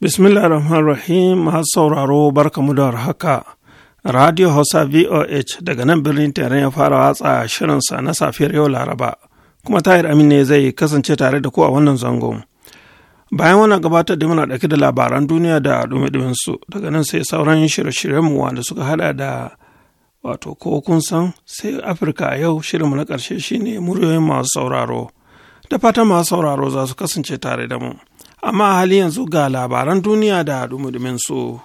Bismillah rahman rahim masu sauraro barkamu da haka. Radio Hausa VOH daga nan birnin Tehran ya fara watsa shirinsa na safiyar yau Laraba, kuma Tahir Amin ne zai kasance tare da ku a wannan zangon. Bayan wannan gabatar da muna ɗauke da labaran duniya da ɗumi su daga nan sai sauran shirye shiryen mu wanda suka haɗa da wato ko kun san sai Afirka yau yau shirinmu na ƙarshe shine muryoyin masu sauraro. Da fatan masu sauraro za su kasance tare da mu. amma hali yanzu ga labaran duniya da dumudumin su.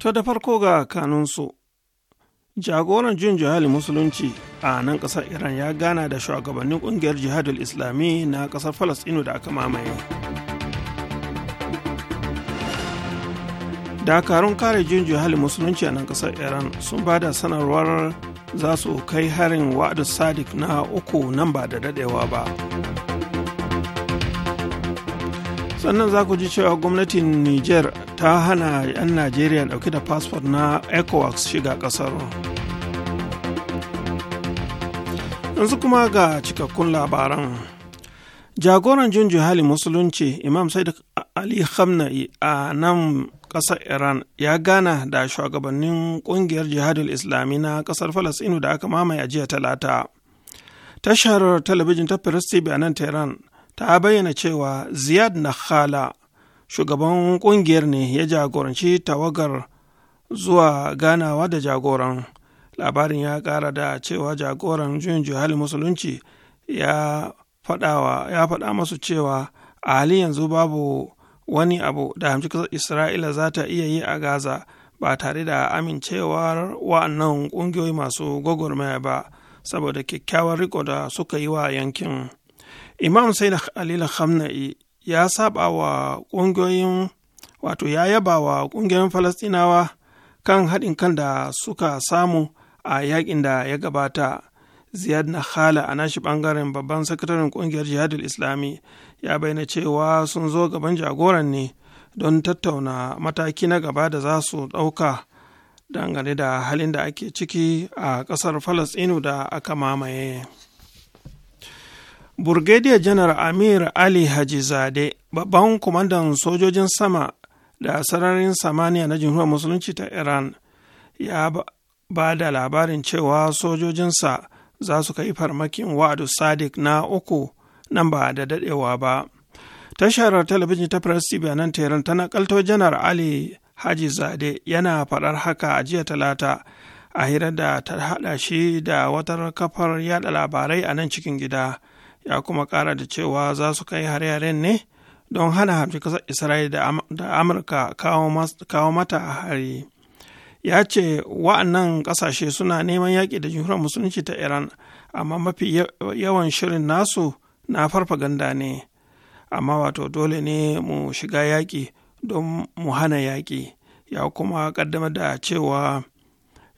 To da farko ga kanunsu. Jagoran jin jihali musulunci a nan ƙasar Iran ya gana da shugabannin ƙungiyar jihadul Islami na ƙasar Falasɗinu da aka mamaye. Dakarun kare jin jihali musulunci a nan ƙasar Iran sun ba da sanarwar za su kai harin wa'adu sadik na uku nan ba da dadewa ba. sannan za ku ji cewa gwamnatin niger ta hana 'yan najeriya dauke da fasfot na ecowas shiga kasar yanzu kuma ga cikakkun labaran jagoran jin hali musulunci imam said ali khamna'i a nan kasar iran ya gana da shugabannin kungiyar jihadul islami na ƙasar falasinu da aka mamaye jiya talata tashar talabijin ta firisti a nan tehran ta bayyana cewa Ziyad Nakhala shugaban kungiyar ne ya jagoranci tawagar zuwa ganawa da jagoran. Labarin ya kara da cewa jagoran juyin juhali musulunci ya faɗa masu cewa a halin yanzu babu wani abu da hamshi Isra'ila za ta iya yi a Gaza ba tare da amincewar wa'annan ƙungiyoyi masu gwagwarmaya ba saboda kyakkyawar riko da suka yi wa yankin. imam sai alila hamna'i ya saba wa ƙungiyoyin wato ya yaba wa ƙungiyoyin falastinawa kan haɗin kan da suka samu a yaƙin da ya gabata ziyad na hala a nashi ɓangaren babban sakataren ƙungiyar jihadul islami ya bayyana cewa sun zo gaban jagoran ne don tattauna mataki na gaba da za su ɗauka dangane da halin da ake ciki a ƙasar falastinu da aka mamaye. Burgediya janar Amir Ali Hajizade, babban kwamandan sojojin sama da sararin samaniya na jamhuriyar musulunci ta Iran, ya ba da labarin cewa sojojinsa za su kai farmakin wa'adu Sadiq na uku nan ba da dadewa ba. Tashar talabijin ta Press TV nan Tehran ta nakalto janar Ali zade yana faɗar haka a jiya talata a hirar da ta haɗa shi da wata kafar yada labarai a nan cikin gida. ya kuma kara da cewa za su kai hare-haren ne don hana hafi ƙasar israel da amurka kawo mata a hari ya ce wa'annan kasashe suna neman yaƙi da jumhuriyar musulunci ta iran amma mafi yawan shirin nasu na farfaganda ne amma wato dole ne mu shiga yaƙi don mu hana yaƙi ya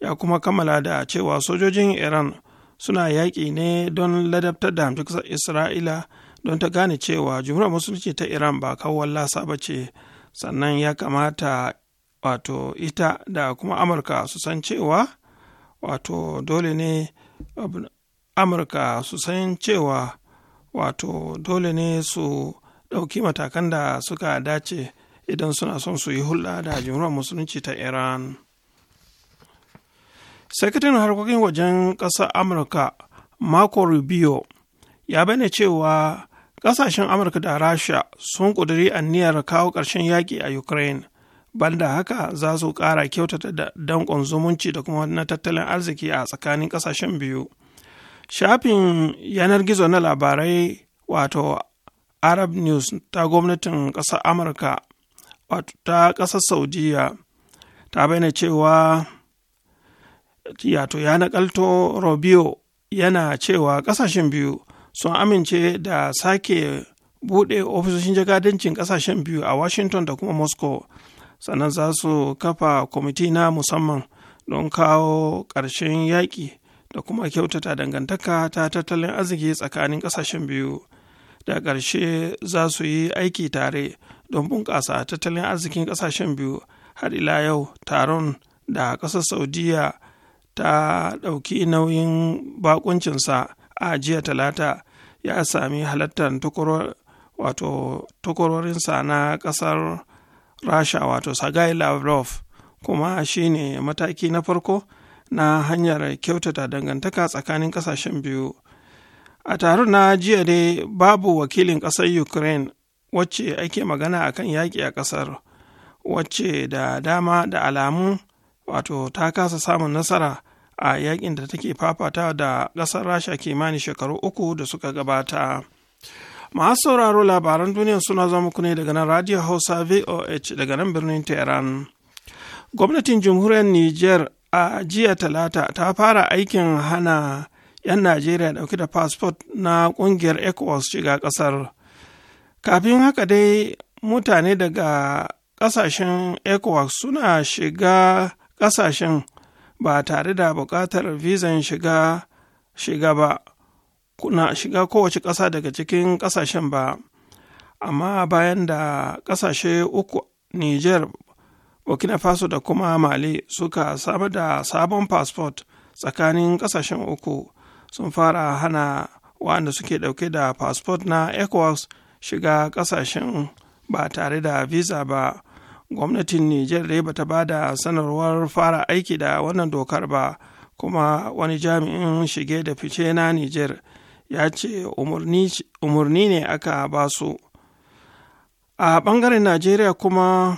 ya kuma kammala da cewa sojojin iran suna yaƙi ne don ladabtar da hamshin ƙasar isra'ila don ta gane cewa jumhuriyar musulunci ta iran ba kawo lasa ba ce sannan ya kamata wato ita da kuma amurka su san cewa wato dole ne amurka su san cewa wato dole ne su ɗauki matakan da suka dace idan suna son su yi hulɗa da jumhuriyar musulunci ta iran Sakataren harkokin wajen ƙasar Amurka Marco Rubio ya bane cewa ƙasashen Amurka da Rasha sun ƙudiri aniyar kawo ƙarshen yaƙi a Ukraine, banda haka za su ƙara kyautata da danƙon zumunci da kuma na tattalin arziki a tsakanin ƙasashen biyu. Shafin yanar gizo na labarai wato Arab News ta gwamnatin ƙasar Amurka wato ta ƙasar Saudiya ta bayyana cewa yato ya nakalto Robio yana cewa kasashen biyu sun amince da sake buɗe ofisoshin jagadancin kasashen biyu a Washington da kuma Moscow sannan za su kafa kwamiti na musamman don kawo ƙarshen yaƙi da kuma kyautata dangantaka ta tattalin arziki tsakanin ƙasashen biyu da ƙarshe za su yi aiki tare don bunƙasa tattalin arzikin ƙasashen biyu har ila yau taron da ƙasar saudiya ta ɗauki nauyin bakuncinsa a jiya talata ya sami halartar tukurorinsa na ƙasar rasha wato sagai lavrov kuma shine mataki na farko na hanyar kyautata dangantaka tsakanin ƙasashen biyu a taron na jiya dai babu wakilin ƙasar ukraine wacce ake magana akan yaƙi a ƙasar wacce da dama da alamu wato ta kasa samun nasara a yakin da take fafata da ƙasar rasha kimanin shekaru uku da suka gabata masu sauraro labaran duniya suna zama kune daga nan radio hausa voh daga nan birnin tehran gwamnatin jamhuriyar niger a jiya talata ta fara aikin hana 'yan najeriya dauke da fasfot na kungiyar ecowas shiga kasar kafin haka dai mutane daga kasashen ecowas suna shiga ƙasashen ba tare da buƙatar vizan shiga shiga ba na shiga kowace ƙasa daga cikin ƙasashen ba amma bayan da ƙasashe uku niger burkina faso da kuma mali suka samar da sabon fasfot tsakanin ƙasashen uku sun fara hana waɗanda suke ɗauke da fasfot na ecowas shiga ƙasashen ba tare da visa ba gwamnatin niger dai bata ba da sanarwar fara aiki da wannan dokar ba kuma wani jami'in shige da fice na nijar ya ce umarni ne aka ba su a bangaren najeriya kuma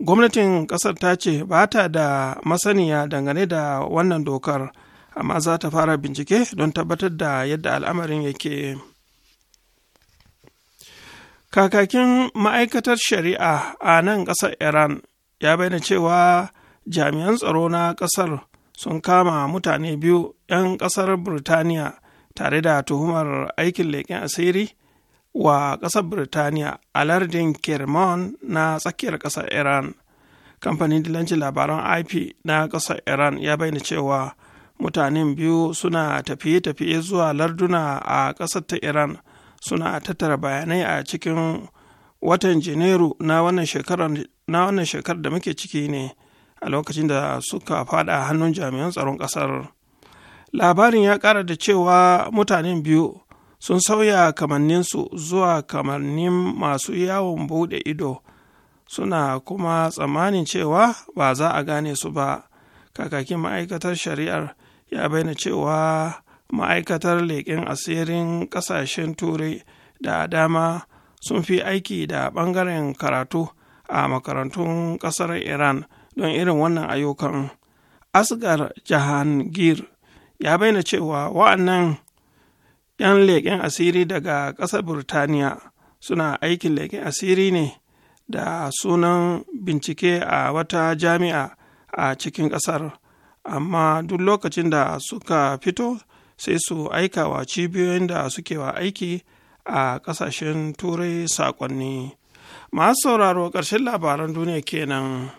gwamnatin ƙasar ta ce ba ta da masaniya dangane da wannan dokar amma za ta fara bincike don tabbatar da yadda al'amarin yake. Kakakin ma'aikatar shari'a a nan ƙasar Iran ya bayyana cewa jami'an tsaro na ƙasar sun kama mutane biyu 'yan ƙasar Birtaniya tare da tuhumar aikin leƙen asiri wa ƙasar Birtaniya a lardin Kerman na tsakiyar ƙasar Iran. Kamfanin dilancin labaran IP na ƙasar Iran ya bayyana cewa mutanen biyu suna tafiye-tafiye zuwa larduna a ƙasar ta Iran. suna tattara bayanai a cikin watan janairu na wannan shekarar da muke ciki ne a lokacin da suka fada hannun jami'an tsaron ƙasar labarin ya ƙara da cewa mutanen biyu sun sauya kamanninsu zuwa kamannin masu yawon bude ido suna kuma tsammanin cewa ba za a gane su ba kakakin ma'aikatar shari'ar ya bayyana cewa ma'aikatar leƙen asirin ƙasashen turai da dama sun fi aiki da ɓangaren karatu a makarantun ƙasar iran don irin wannan ayyukan asgar jahangir ya bayyana cewa wa'annan 'yan leƙen asiri daga ƙasar burtaniya suna aikin leƙen asiri ne da sunan bincike a wata jami'a a cikin ƙasar amma duk lokacin da suka fito sai su aika wa cibiyoyin da suke wa aiki a ƙasashen turai saƙonni masu sauraro ƙarshen labaran duniya kenan.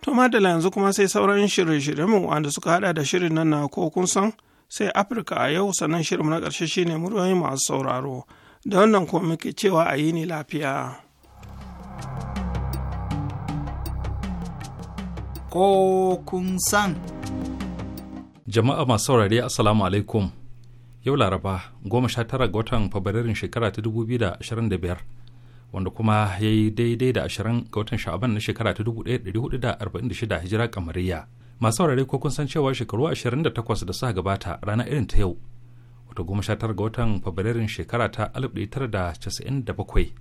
To madala yanzu kuma sai sauran shirye-shiryenmu wanda suka hada da shirin nan na ko kun san sai afirka a yau sannan shirin na ƙarshe shine muryoyi masu sauraro da wannan kuma muke cewa a yi ne lafiya ko kun san jama'a masu saurare assalamu alaikum yau laraba goma sha tara ga watan fabrairun shekara ta dubu biyu da ashirin da biyar wanda kuma ya yi daidai da ashirin ga watan sha'aban na shekara ta dubu ɗaya da hudu da arba'in da shida hijira kamariya masu saurare ko kun san cewa shekaru 28 da suka gabata ranar irin ta yau wata goma ga watan fabrairun shekara ta 1997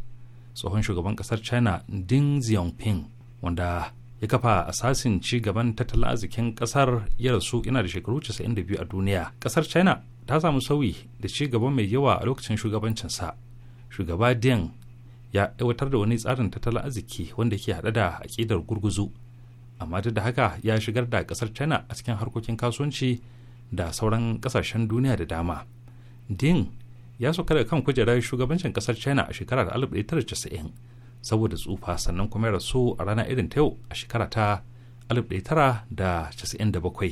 tsohon shugaban kasar china ding xiaoping wanda ya kafa asasin ci gaban tattalin arzikin kasar ya rasu yana da shekaru 92 a duniya kasar china ta samu sauyi da ci gaba mai yawa a lokacin shugabancinsa shugaba deng ya aiwatar da wani tsarin tattalin arziki wanda ke haɗe da aƙidar gurguzu amma duk da haka ya shigar da kasar china a cikin harkokin kasuwanci da sauran kasashen duniya da dama din ya sauka daga kan kujerar shugabancin kasar china a shekarar 1990 saboda tsufa sannan kuma ya rasu a rana irin ta yau a shekara ta 1997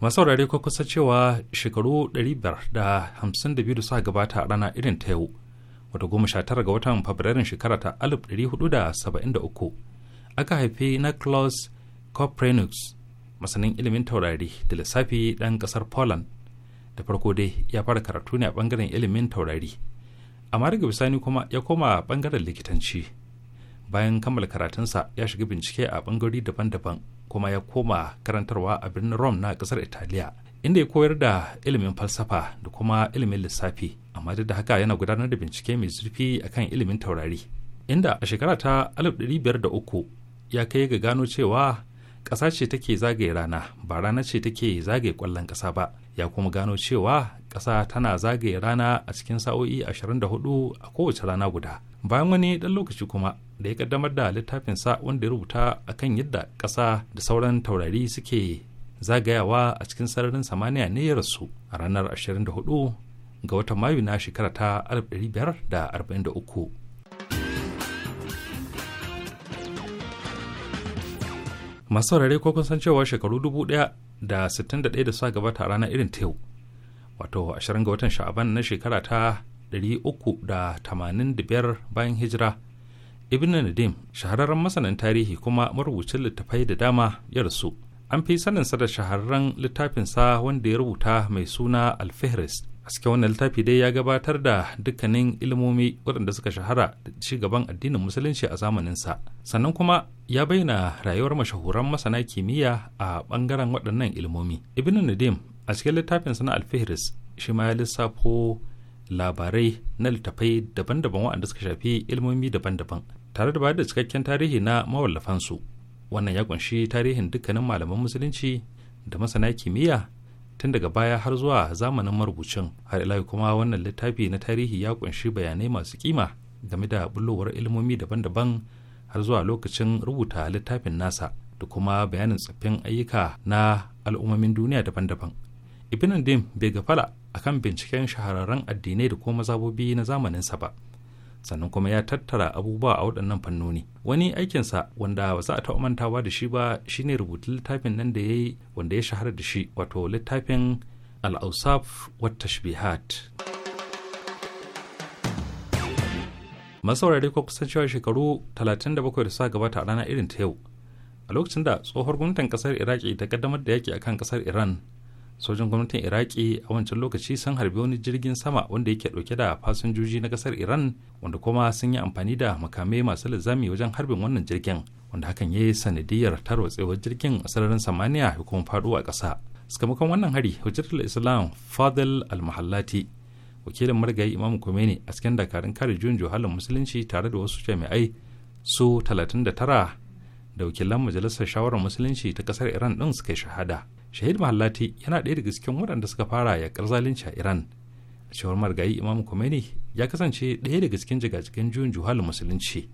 masaurare ko kusa cewa shekaru 552 da suka gabata a rana irin ta yau wata goma sha tara ga watan fabrairun shekara ta alif hudu da da saba'in uku aka haifi na claus Copernicus masanin ilimin taurari da lissafi ɗan ƙasar Poland da farko dai ya fara karatu ne a bangaren ilimin taurari amma daga bisani kuma ya koma ɓangaren likitanci bayan kammala karatunsa ya shiga bincike a ɓangarori daban-daban kuma ya koma karantarwa a birnin Rome na ƙasar Italiya inda ya koyar da ilimin falsafa da kuma ilimin lissafi amma duk da haka yana gudanar da bincike mai zurfi akan ilimin taurari inda a shekara ta 1503 ya kai ga gano cewa ƙasa ce take zagaye rana ba rana ce take zagaye ƙwallon ƙasa ba ya kuma gano cewa ƙasa tana zagaye rana a cikin sa'o'i 24 a kowace rana guda bayan wani ɗan lokaci kuma da ya kaddamar da littafinsa wanda ya rubuta akan yadda ƙasa da sauran taurari suke zagayawa a cikin sararin samaniya ne ya rasu a ranar 24 ga watan mayu na shekara ta 1543 masu saurare ko kun san cewa shekaru 1000 da 61 da suka gabata a ranar irin ta yau wato 20 ga watan sha'aban na shekara ta 385 bayan hijira ibn nadim shahararren masanin tarihi kuma marubucin littafai da dama ya rasu an fi saninsa da shahararren littafinsa wanda ya rubuta mai suna alfihris aske wannan littafi dai ya gabatar da dukkanin ilmomi waɗanda suka shahara da ci addinin musulunci a zamaninsa sannan kuma ya bayyana rayuwar mashahuran masana kimiyya a ɓangaren waɗannan ilmomi ibn nadim a cikin littafin na alfihris shi ma ya lissafo labarai na littafai daban-daban waɗanda suka shafi ilmomi daban-daban tare da bayar da cikakken tarihi na mawallafansu wannan ya kunshi tarihin dukkanin malaman musulunci da masana kimiyya tun daga baya har zuwa zamanin marubucin har ila kuma wannan littafi na tarihi ya kunshi bayanai masu kima game da bullowar ilmomi daban-daban har zuwa lokacin rubuta littafin nasa da kuma bayanin tsaffin ayyuka na al'ummomin duniya daban-daban ibn dim bai gafala akan binciken shahararren addinai da kuma mazabobi na zamaninsa ba sannan kuma ya tattara abubuwa a waɗannan fannoni wani aikinsa wanda ba za a taɓa mantawa da shi ba shine rubutun littafin nan da ya yi wanda ya shahara da shi wato littafin al'ausaf wata tashbihat masu ko kusan cewa shekaru 37 da sa gabata a ranar irin ta yau a lokacin da tsohuwar gwamnatin kasar iraki ta kaddamar da yaki akan kasar iran sojin gwamnatin iraki a wancan lokaci sun harbi wani jirgin sama wanda yake dauke da fasinjoji na kasar iran wanda kuma sun yi amfani da makamai masu lizami wajen harbin wannan jirgin wanda hakan ya yi sanadiyar tarwatsewar jirgin a sararin samaniya ya kuma faɗo a ƙasa sakamakon wannan hari hujjatul islam fadl al-mahallati wakilin marigayi imam kumeni a cikin dakarun kare juyin juhalin musulunci tare da wasu jami'ai su 39 da wakilan majalisar shawarar musulunci ta kasar iran din suka shahada shahid mahallati yana ɗaya daga cikin waɗanda suka fara yakar zalunci a iran a cewar margayi imam khomeini ya kasance ɗaya daga cikin jigajigan juyin juhalin musulunci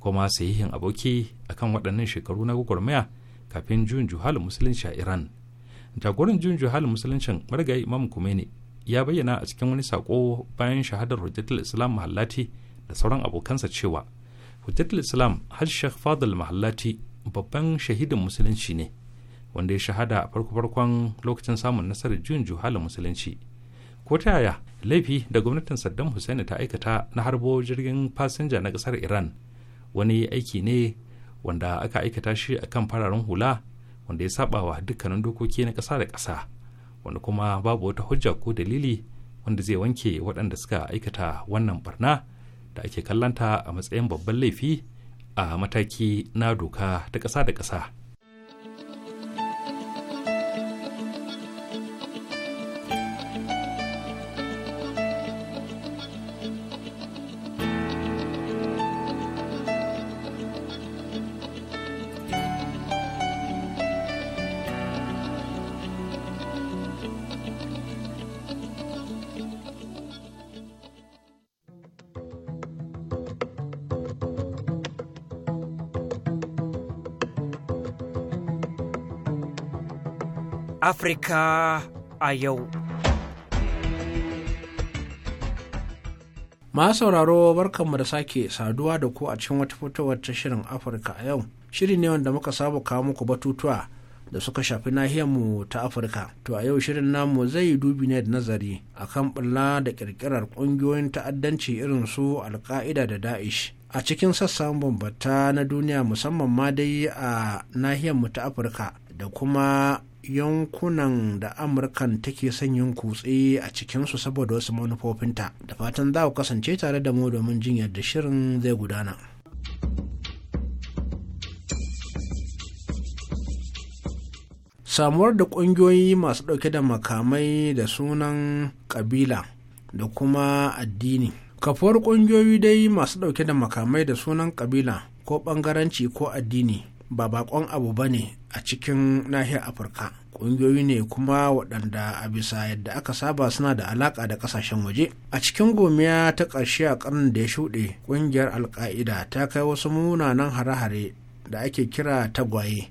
kuma sahihin aboki akan waɗannan shekaru na gwagwarmaya kafin juyin juhalin musulunci a iran jagoran juyin juhalin musuluncin margayi imam khomeini ya bayyana a cikin wani sako bayan shahadar hujjatul islam mahallati da sauran abokansa cewa hujjatul islam hajj sheikh fadl mahallati babban shahidin musulunci ne wanda ya shahada a farko-farkon lokacin samun nasarar juyin juhalin musulunci ko ta yaya laifi da gwamnatin saddam hussein ta aikata na harbo jirgin fasinja na kasar iran wani aiki ne wanda aka aikata shi a kan fararen hula wanda ya saba wa dukkanin dokoki na ƙasa da ƙasa wanda kuma babu wata hujja ko dalili wanda zai wanke waɗanda suka aikata wannan barna da ake kallanta a matsayin babban laifi a mataki na doka ta ƙasa da ƙasa Afirka a yau. Ma sauraro barkanmu da sake saduwa da ku a cikin wata fitowar ta shirin Afirka a yau. Shiri ne wanda muka saba kawo muku batutuwa da suka shafi nahiyarmu ta Afirka. To a yau shirin namu zai dubi ne da nazari a kan bulla da kirkirar ƙungiyoyin ta'addanci irin su Alka'ida da Da'ish. a cikin sassan bambata na duniya musamman ma dai a nahiyarmu ta afirka da kuma yankunan da amurkan take son yin kutse a cikinsu saboda wasu manufofinta da fatan za ku kasance tare da mu domin jin yadda shirin zai gudana samuwar da ƙungiyoyi masu ɗauke da makamai da sunan ƙabila da kuma addini kafuwar ƙungiyoyi dai masu ɗauke da makamai da sunan ƙabila ko ɓangaranci ko addini ba bakon abu ba ne a cikin nahiyar afirka ƙungiyoyi ne kuma waɗanda a bisa yadda aka saba suna da alaƙa da ƙasashen waje a cikin gomiya ta ƙarshe a ƙarnin da ya shuɗe ƙungiyar alƙa'ida ta kai wasu munanan hare-hare da ake kira tagwaye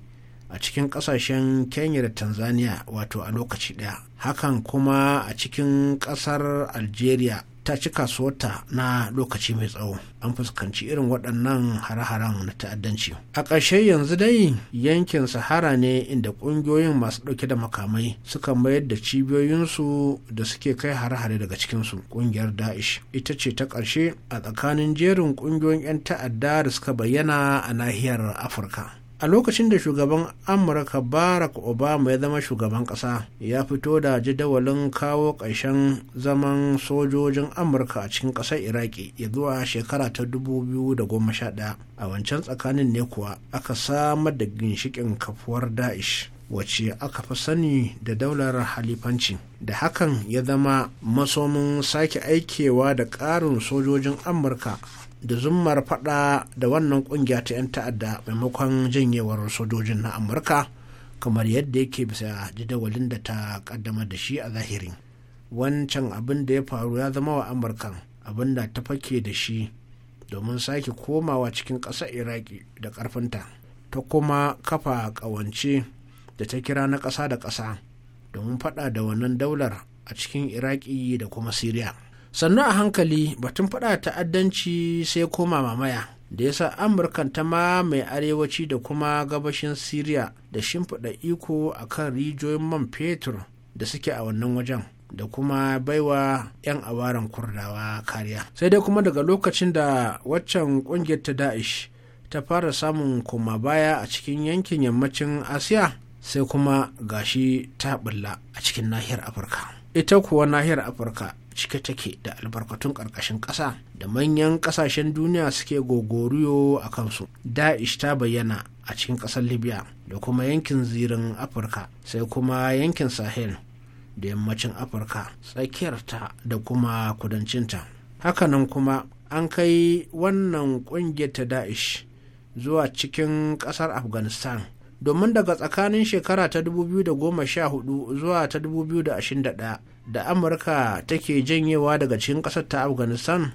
a cikin ƙasashen kenya da tanzania wato a lokaci ɗaya hakan kuma a cikin ƙasar algeria ta ci kasuwarta na lokaci mai tsawo an fuskanci irin waɗannan hare-haren na ta'addanci a ƙarshe yanzu dai yankin sahara ne inda ƙungiyoyin masu ɗauke da makamai suka mayar da cibiyoyinsu da suke kai hare-hare daga cikinsu ƙungiyar da'ish ita ce ta ƙarshe a tsakanin jerin ƙungiyoyin 'yan ta'adda da suka bayyana a nahiyar afirka a lokacin da shugaban amurka barack obama ya zama shugaban kasa ya fito da jadawalin kawo ƙarshen zaman sojojin amurka a cikin ƙasar iraki ya zuwa shekara ta 2011 a wancan tsakanin ne kuwa aka samar da ginshikin kafuwar daesh wacce aka fi sani da daular halifanci da hakan ya zama masomin sake aikewa da ƙarin sojojin amurka da zummar fada da wannan kungiya ta 'yan ta'adda maimakon janyewar sojojin na amurka kamar yadda yake bisa jadawalin da ta kaddama da shi a zahiri wancan abin da ya faru ya zama wa amurka abin da ta fake da shi domin sake komawa cikin ƙasar iraki da ƙarfinta ta kuma kafa ƙawance da ta kira na ƙasa da ƙasa domin faɗa da wannan daular a cikin iraki da kuma siriya sannu a hankali batun faɗa ta'addanci sai koma mamaya da ya sa amurkan ta ma mai arewaci da kuma gabashin syria da shimfiɗa iko a kan rijiyoyin man fetur da suke a wannan wajen da kuma baiwa 'yan awaran kurdawa kariya sai dai kuma daga lokacin da waccan kungiyar ta da'ish ta fara samun koma baya a cikin yankin yammacin asiya sai kuma gashi ta bulla a cikin nahiyar afirka ita kuwa nahiyar afirka cike take da albarkatun ƙarƙashin ƙasa da manyan ƙasashen duniya suke gogoriyo a kansu da'ish ta bayyana a cikin ƙasar libya da kuma yankin zirin afirka sai kuma yankin sahel da yammacin afirka tsakiyarta da kuma kudancinta hakanan kuma an kai wannan ƙungiyar ta da'ish zuwa cikin ƙasar afghanistan domin daga tsakanin shekara ta 2014 zuwa ta 2021 da amurka take janyewa daga cikin ƙasar ta afghanistan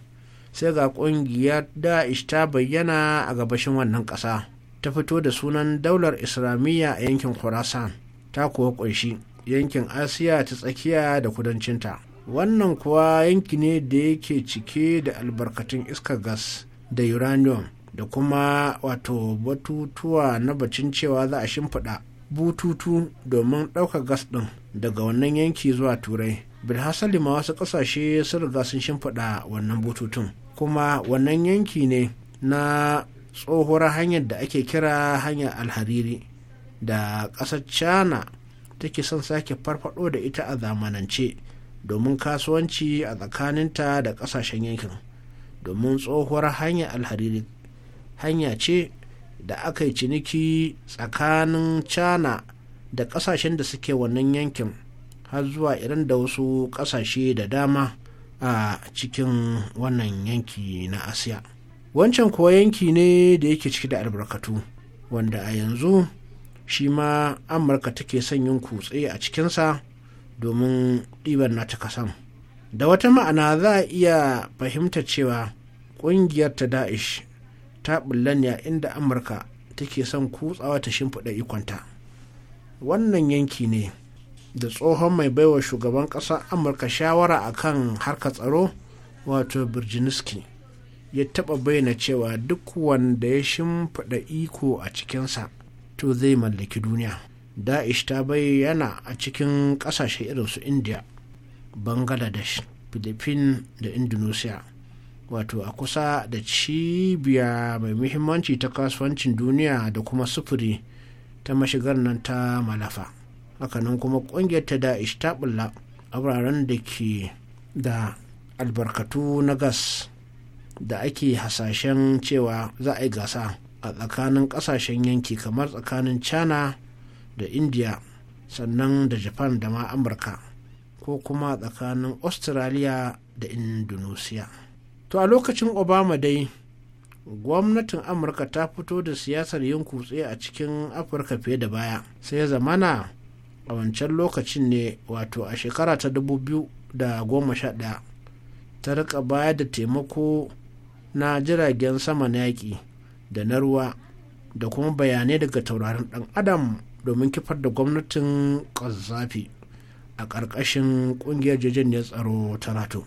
sai ga ƙungiyar da'ish ta bayyana a gabashin wannan ƙasa ta fito da sunan daular islamiyya a yankin khurasan ta kuwa ƙunshi yankin asiya ta tsakiya da kudancinta wannan kuwa yanki ne da yake cike da albarkatun iskar gas da uranium da kuma wato batutuwa na bacin cewa za a shimfiɗa bututu domin ɗaukar gas ɗin daga wannan yanki zuwa turai bilhassali ma wasu ƙasashe sun riga sun shimfiɗa wannan bututun kuma wannan yanki ne na tsohuwar hanyar da ake kira hanyar alhariri da ƙasar china take son sake farfado da ita a zamanance domin kasuwanci a tsakaninta da ƙasashen yankin domin tsohuwar hanyar alhariri hanya ce da aka yi ciniki tsakanin china da kasashen da suke wannan yankin har zuwa irin da wasu kasashe da dama a cikin wannan yanki na asiya wancan kuwa yanki ne da yake ciki da albarkatu wanda a yanzu shi ma amurka take son yin kutse a cikinsa domin ɗiban nata kasan da wata ma'ana za a iya fahimta cewa ƙungiyar ta da'ish ta bulla inda amurka take son kutsawa ta shimfiɗa ikonta wannan yanki ne da tsohon mai baiwa shugaban ƙasa, amurka shawara a kan harka tsaro wato birjiniski ya taɓa bayyana cewa duk wanda ya shimfiɗa iko a cikinsa to zai mallaki duniya da'ish ta bayyana a cikin ƙasashe irin su india bangladesh philippines da indonesia wato a kusa da cibiya mai muhimmanci ta kasuwancin duniya da kuma sufuri ta mashigar nan ta malafa hakanan kuma kungiyar ta da'ish ta bulla a wuraren da ke da albarkatu na gas da ake hasashen cewa za a yi gasa a tsakanin kasashen yanki kamar tsakanin china da india sannan da japan da ma amurka ko kuma tsakanin australia da indonesia to a lokacin obama dai gwamnatin amurka ta fito da siyasar yin kutse a cikin afirka fiye da baya sai zamana a wancan lokacin ne wato a shekara ta dubu biyu da goma 2011 ta rika baya da taimako na jiragen sama na yaƙi da na ruwa da kuma bayanai daga taurarin ɗan adam domin kifar da gwamnatin ƙazafi a ƙarƙashin ƙungiyar ne tsaro ta nato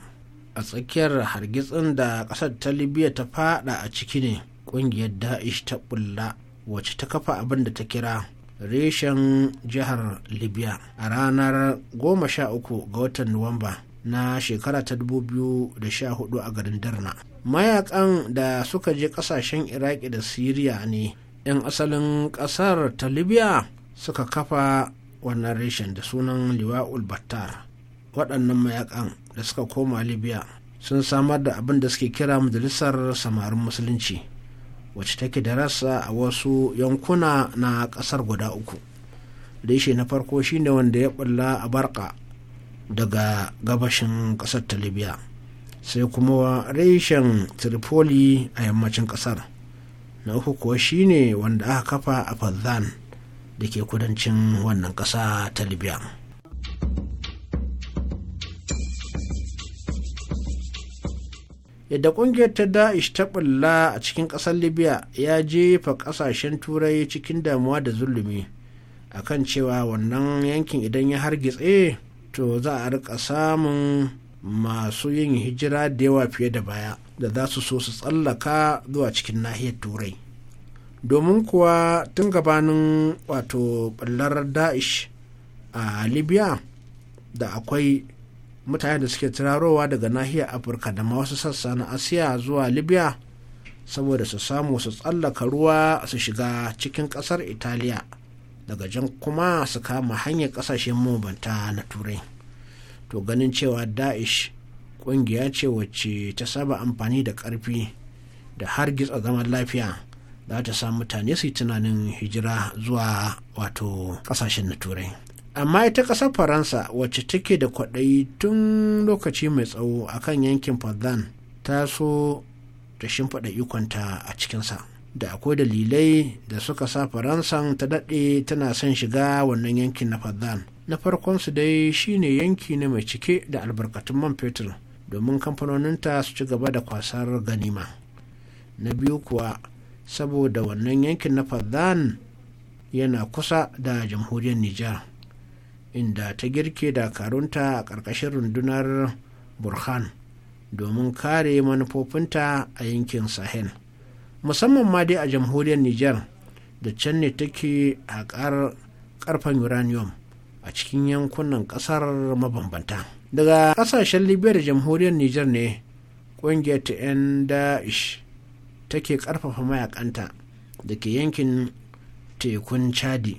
a tsakiyar hargitsin da ƙasar ta libya ta fada a ciki ne ƙungiyar da'ish ta bulla wacce ta kafa abin da ta kira reshen jihar libya a ranar 13 ga watan nuwamba na shekara ta 2014 a garin darna mayakan da suka je kasashen iraki da siriya ne 'yan asalin kasar ta libya suka kafa wannan reshen da sunan liwa'ul battar waɗannan mayakan da suka koma libya sun samar da abin da suke kira majalisar samarin musulunci wacce take da rasa a wasu yankuna na kasar guda uku reshe na farko shine wanda ya bulla a barka daga gabashin kasar ta libya sai kuma reshen tripoli a yammacin kasar na uku kuwa shine wanda aka kafa a fazzan da ke kudancin wannan kasa ta libya yadda kungiyar ta da'ish ta bulla a cikin kasar libya ya jefa kasashen turai cikin damuwa da zulumi akan cewa wannan yankin idan ya hargitse to za a rika samun masu yin hijira da yawa fiye da baya da za su so su tsallaka zuwa cikin nahiyar turai domin kuwa tun gabanin wato ɓullar da'ish a libya da akwai mutane da suke turarowa daga nahiyar afirka da ma wasu sassa na asiya zuwa libya saboda su samu su tsallaka ruwa su shiga cikin kasar italiya daga jan kuma su kama hanyar kasashen mabanta na turai to ganin cewa daesh kungiya ce wacce ta saba amfani da karfi da har gitsa zaman lafiya za ta sa mutane su yi tunanin hijira zuwa wato kasashen na turai amma ita ƙasar faransa wacce take da kwaɗayi tun lokaci mai tsawo a kan yankin Fadlan ta so ta shimfiɗa ikonta a cikinsa da akwai dalilai da suka sa faransan ta daɗe tana son shiga wannan yankin na Fadlan. na farkon su dai shine yanki na mai cike da albarkatun man fetur domin kamfanoninta su ci gaba da kwasar ganima na biyu kuwa saboda wannan yankin na Fadlan yana kusa da jamhuriyar Nijar. inda ta girke dakarunta a ƙarƙashin rundunar burhan domin kare manufofinta a yankin sahel musamman ma dai a jamhuriyar niger da can ne take haƙar ƙarfen uranium a cikin yankunan ƙasar mabambanta daga ƙasashen libya da jamhuriyar niger ne ƙungiyar ta 'yan da'ish take ƙarfafa mayakanta da ke yankin tekun chadi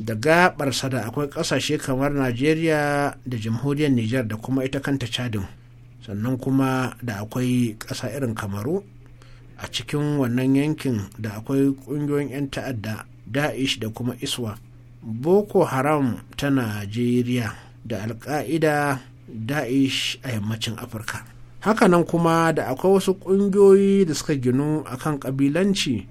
da gabarsa da akwai kasashe kamar najeriya da jamhuriyar niger da kuma ita kanta chadin sannan kuma da akwai ƙasa irin kamaru a cikin wannan yankin da akwai ƙungiyoyin 'yan ta'adda da'ish da kuma iswa boko haram ta najeriya da alka'ida da'ish a yammacin afirka hakanan kuma da akwai wasu ƙungiyoyi da suka ginu akan ƙabilanci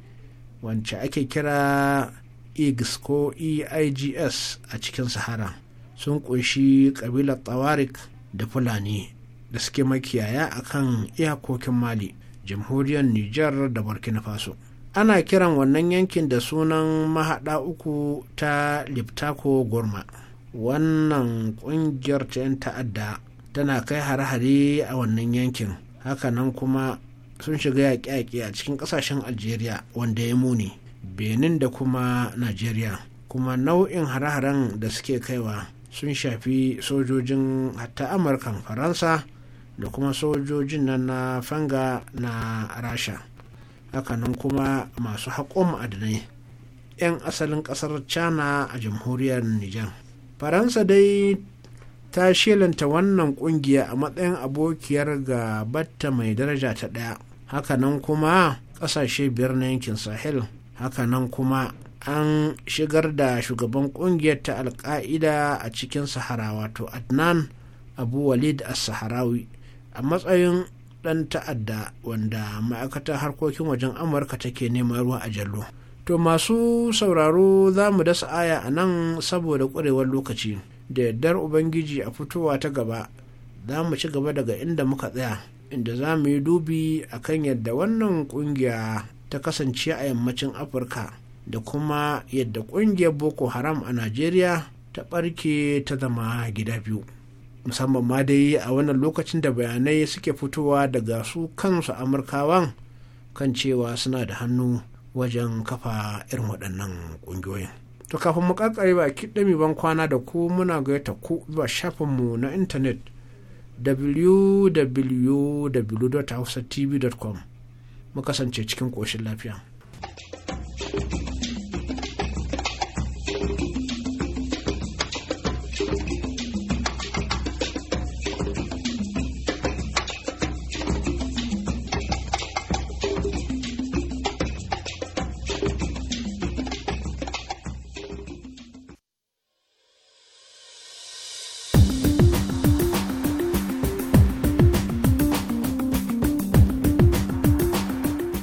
wance ake kira igs ko eigs a cikin sahara sun ƙunshi ƙabilar tawarik da fulani da suke makiyaya a kan iyakokin mali jamhuriyar Nijar da burkina faso ana kiran wannan yankin da sunan mahaɗa uku ta liptako gorma wannan ƙungiyar ta 'yan ta'adda tana kai hare-hare a wannan yankin hakanan kuma sun shiga yaƙe-yaƙe a cikin ƙasashen algeria wanda ya muni benin da kuma nigeria kuma nau'in hare-haren da suke kaiwa sun shafi sojojin hatta amurkan faransa da kuma sojojin nan na fanga na rasha hakanan kuma masu haƙon ma'adinai 'yan asalin ƙasar china a jamhuriyar nijar faransa dai ta shelanta wannan ƙungiya a matsayin abokiyar ga gabatta mai daraja ta ɗaya hakanan kuma ƙasashe biyar na yankin sahel hakanan kuma an shigar da shugaban kungiyar ta alka'ida a cikin sahara wato adnan abu walid as-saharawi a matsayin dan ta'adda wanda ma'aikatar harkokin wajen amurka take neman ruwa a jallo to masu sauraro za mu dasa aya a nan saboda ƙwarewar lokaci da yardar ubangiji a fitowa ta gaba za mu ci gaba daga inda muka tsaya inda za mu yi dubi akan yadda wannan kungiya ta kasance a yammacin afirka da kuma yadda kungiyar boko haram a najeriya ta barke ta zama gida biyu musamman ma dai a wannan lokacin da bayanai suke fitowa daga su kansu amurkawan kan cewa suna da hannu wajen kafa irin waɗannan ƙungiyoyin to kafin mu ƙarƙare ba ki ɗami ban kwana da ku muna gaita ku ba shafinmu na intanet www.hausatv.com mu kasance cikin ƙoshin lafiya.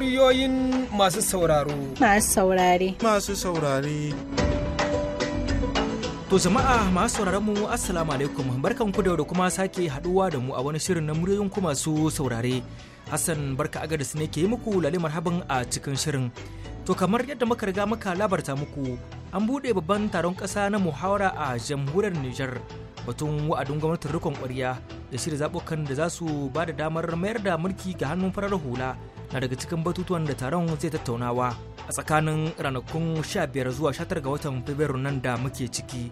muryoyin masu sauraro. Masu saurare. Masu saurare. To jama'a masu sauraron mu assalamu alaikum ku da kuma sake haduwa da mu a wani shirin na muryoyin ku masu saurare. Hassan barka agadis ne ke yi muku lali marhaban a cikin shirin. To kamar yadda muka riga muka labarta muku an buɗe babban taron ƙasa na muhawara a jamhuriyar niger batun wa'adin gwamnatin rikon kwarya da shirya zaɓukan da za su ba da damar mayar da mulki ga hannun farar hula na daga cikin batutuwan da taron zai tattaunawa a tsakanin ranakun 15 zuwa 19 ga watan Fabrairu nan da muke ciki.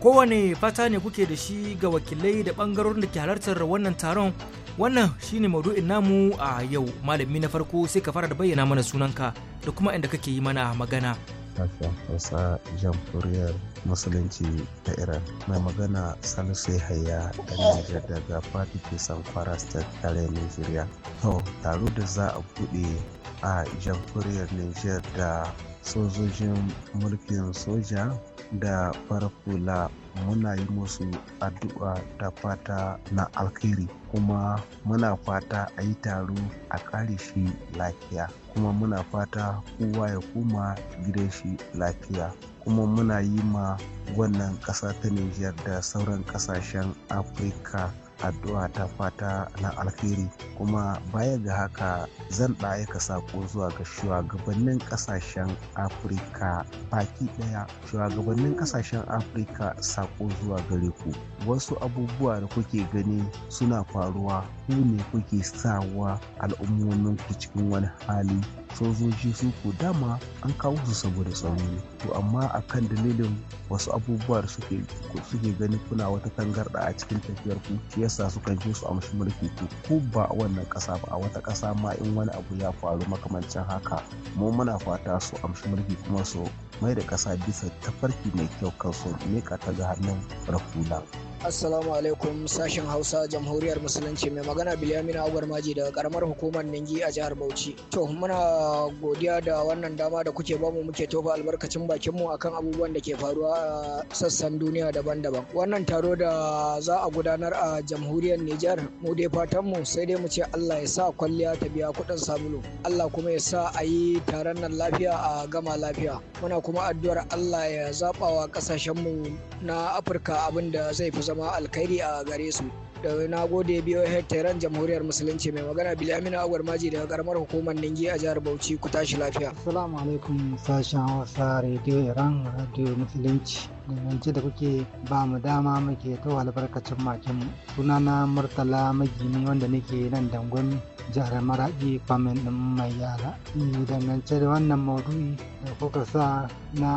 Kowane fata ne kuke da shi ga wakilai da bangarorin da ke halartar wannan taron wannan shine maudu'in namu a yau malami na farko sai ka fara da bayyana mana sunanka da kuma inda kake yi mana magana. sashen hausa jamhuriyar musulunci ta iran mai magana salisu haya da nijar daga fati ke samfara state tare nigeria to taro da za a buɗe a jamhuriyar niger da sojojin mulkin soja da farfula muna yi musu addu'a da fata na alkhairi kuma muna fata a yi taro a kare shi lafiya kuma muna fata kowa ya koma gidan shi lafiya kuma muna yi ma wannan ƙasa ta Nijar da sauran ƙasashen Afirka addu'a ta fata na alheri, kuma baya ga haka zan ɗaya sako zuwa ga shugabannin ƙasashen afirka baki ɗaya shugabannin ƙasashen afirka sako zuwa gare ku wasu abubuwa da kuke gani suna faruwa ku ne kuke sawa al'ummomin ku cikin wani hali sojoji su ko dama an kawo su saboda tsaro ne to amma a kan dalilin wasu abubuwa da suke suke gani kuna wata tangarda a cikin tafiyar ku shi yasa su kan su amshi mulki ku ko ba a wannan ƙasa ba a wata ƙasa ma in wani abu ya faru makamancin haka mu muna fata su amshi mulki kuma su mai da ƙasa bisa tafarki mai kyau kan su ka ta ga hannun rahula Assalamu alaikum sashen Hausa Jamhuriyar Musulunci mai magana Bilyamina Agwar Maji daga karamar hukumar Ningi a jihar Bauchi. To muna godiya da wannan dama da kuke bamu muke tofa albarkacin bakinmu akan abubuwan da ke faruwa a sassan duniya daban-daban. Wannan taro da za a gudanar a Jamhuriyar Nijar mu dai fatanmu sai dai mu ce Allah ya sa kwalliya ta biya kuɗin sabulu. Allah kuma ya sa a yi taron nan lafiya a gama lafiya. Muna kuma addu'ar Allah ya zaɓa wa ƙasashenmu na Afirka abin da zai fi zama alkhairi a gare su da na gode biyo tehran jamhuriyar musulunci mai magana bilamina agwar maji daga karamar hukumar ningi a jihar bauchi ku tashi lafiya assalamu alaikum sashen hausa radio iran radio musulunci yanci da kuke ba mu dama muke ta albarkacin makin sunana murtala magini wanda nake nan dangon jihar maraɗi famin din mai yara e, dangance da wannan maudu'i da kuka sa na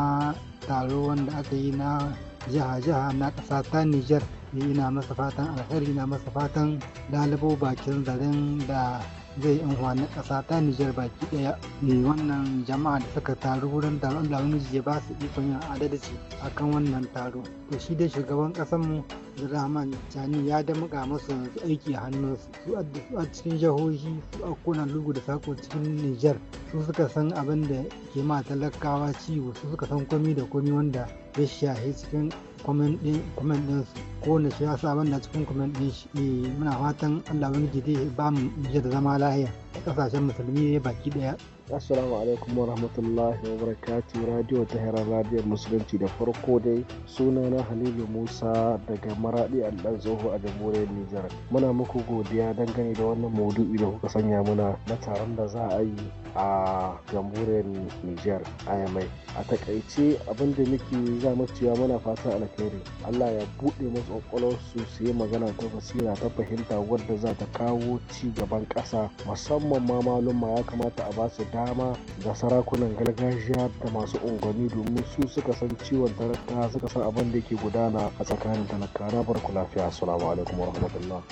taro wanda aka yi na jiha-jiha na ƙasa ta Nijar ina masa fatan alheri ina masa fatan dalibo bakin zaren da zai na ƙasa ta Nijar baki ɗaya ne wannan jama'a da suka taru wurin taron da ya ba su ikon yin adalci akan wannan taro to shi dai shugaban ƙasarmu abdulrahman jani ya damƙa masa yanzu aiki hannu hannunsu su a cikin jihohi su a kunan lugu da sako cikin nijar su suka san abin da ke ma talakawa ciwo su suka san komi da komi wanda ya shahi cikin kwamen su ko na shi ya sa abin da cikin kwamen din shi eh, muna fatan allah wani gidi ba mu da zama lahiya kasashen musulmi baki daya Assalamu alaikum wa rahmatullahi wa barakati Radio Tehran Radio Musulunci da farko dai suna na Halilu Musa daga Maradi Aldan Zoho a Jamhuriyar Nijar. Muna muku godiya dangane da wannan maudu'i da kuka sanya muna na taron da za a yi a jamhuriyar niger a yamai a takaice abinda muke za mu cewa muna fatan alkhairi allah ya bude masu kwakwalwarsu su yi magana ta basira ta fahimta wadda za ta kawo ci gaban kasa musamman ma malumma ya kamata a ba su dama da sarakunan gargajiya da masu unguwanni domin su suka san ciwon tarakta suka san abin da ke gudana a tsakanin talaka na barku lafiya assalamu alaikum warahmatullahi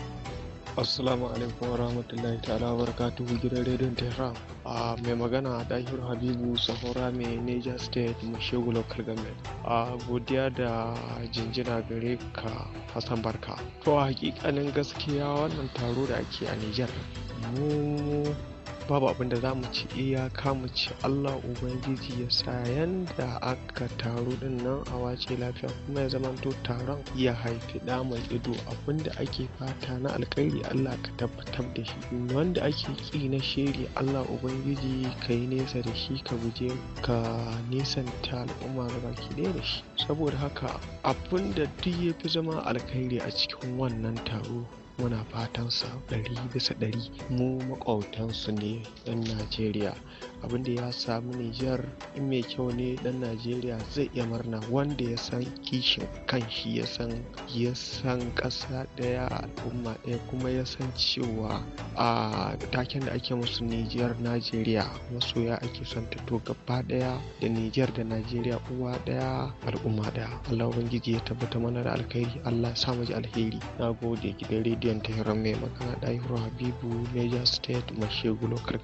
Assalamu alaikum warahmatullahi ta'ala barakatuhu gidan rediyon Tehran. A mai magana Dahiru Habibu Sahora mai Niger State Mashegu Local Government. A godiya da jinjina gare ka Hassan Barka. To hakikanin gaskiya wannan taro da ake a Niger. Mu babu abin da za mu ci iyaka mu ci Allah Ubangiji ya sa yanda aka taru din nan a wace lafiya kuma ya zamanto taron ya haifi da mai ido abin da ake fata na alkairi Allah ka tabbatar da shi wanda ake ki na shiri Allah Ubangiji ka yi nesa da shi ka guje ka nesanta al'umma baki ɗaya da shi saboda haka abin da duk ya fi zama alkhairi a cikin wannan taro muna fatan sa ɗari bisa ɗari mu maƙwabtansu ne 'yan Najeriya abin da ya samu Nijar in mai kyau ne dan Najeriya zai iya murna wanda ya san kishin kan shi ya san ya san ƙasa ɗaya al'umma ɗaya kuma ya san cewa a taken da ake musu Nijar Najeriya masoya ake son ta to gaba ɗaya da Nijar da Najeriya uwa ɗaya al'umma ɗaya Allah ubangiji ya tabbata mana da alkhairi Allah sa mu ji alheri na gode gidan rediyon ta mai magana ɗahiru Habibu major State Mashegu Local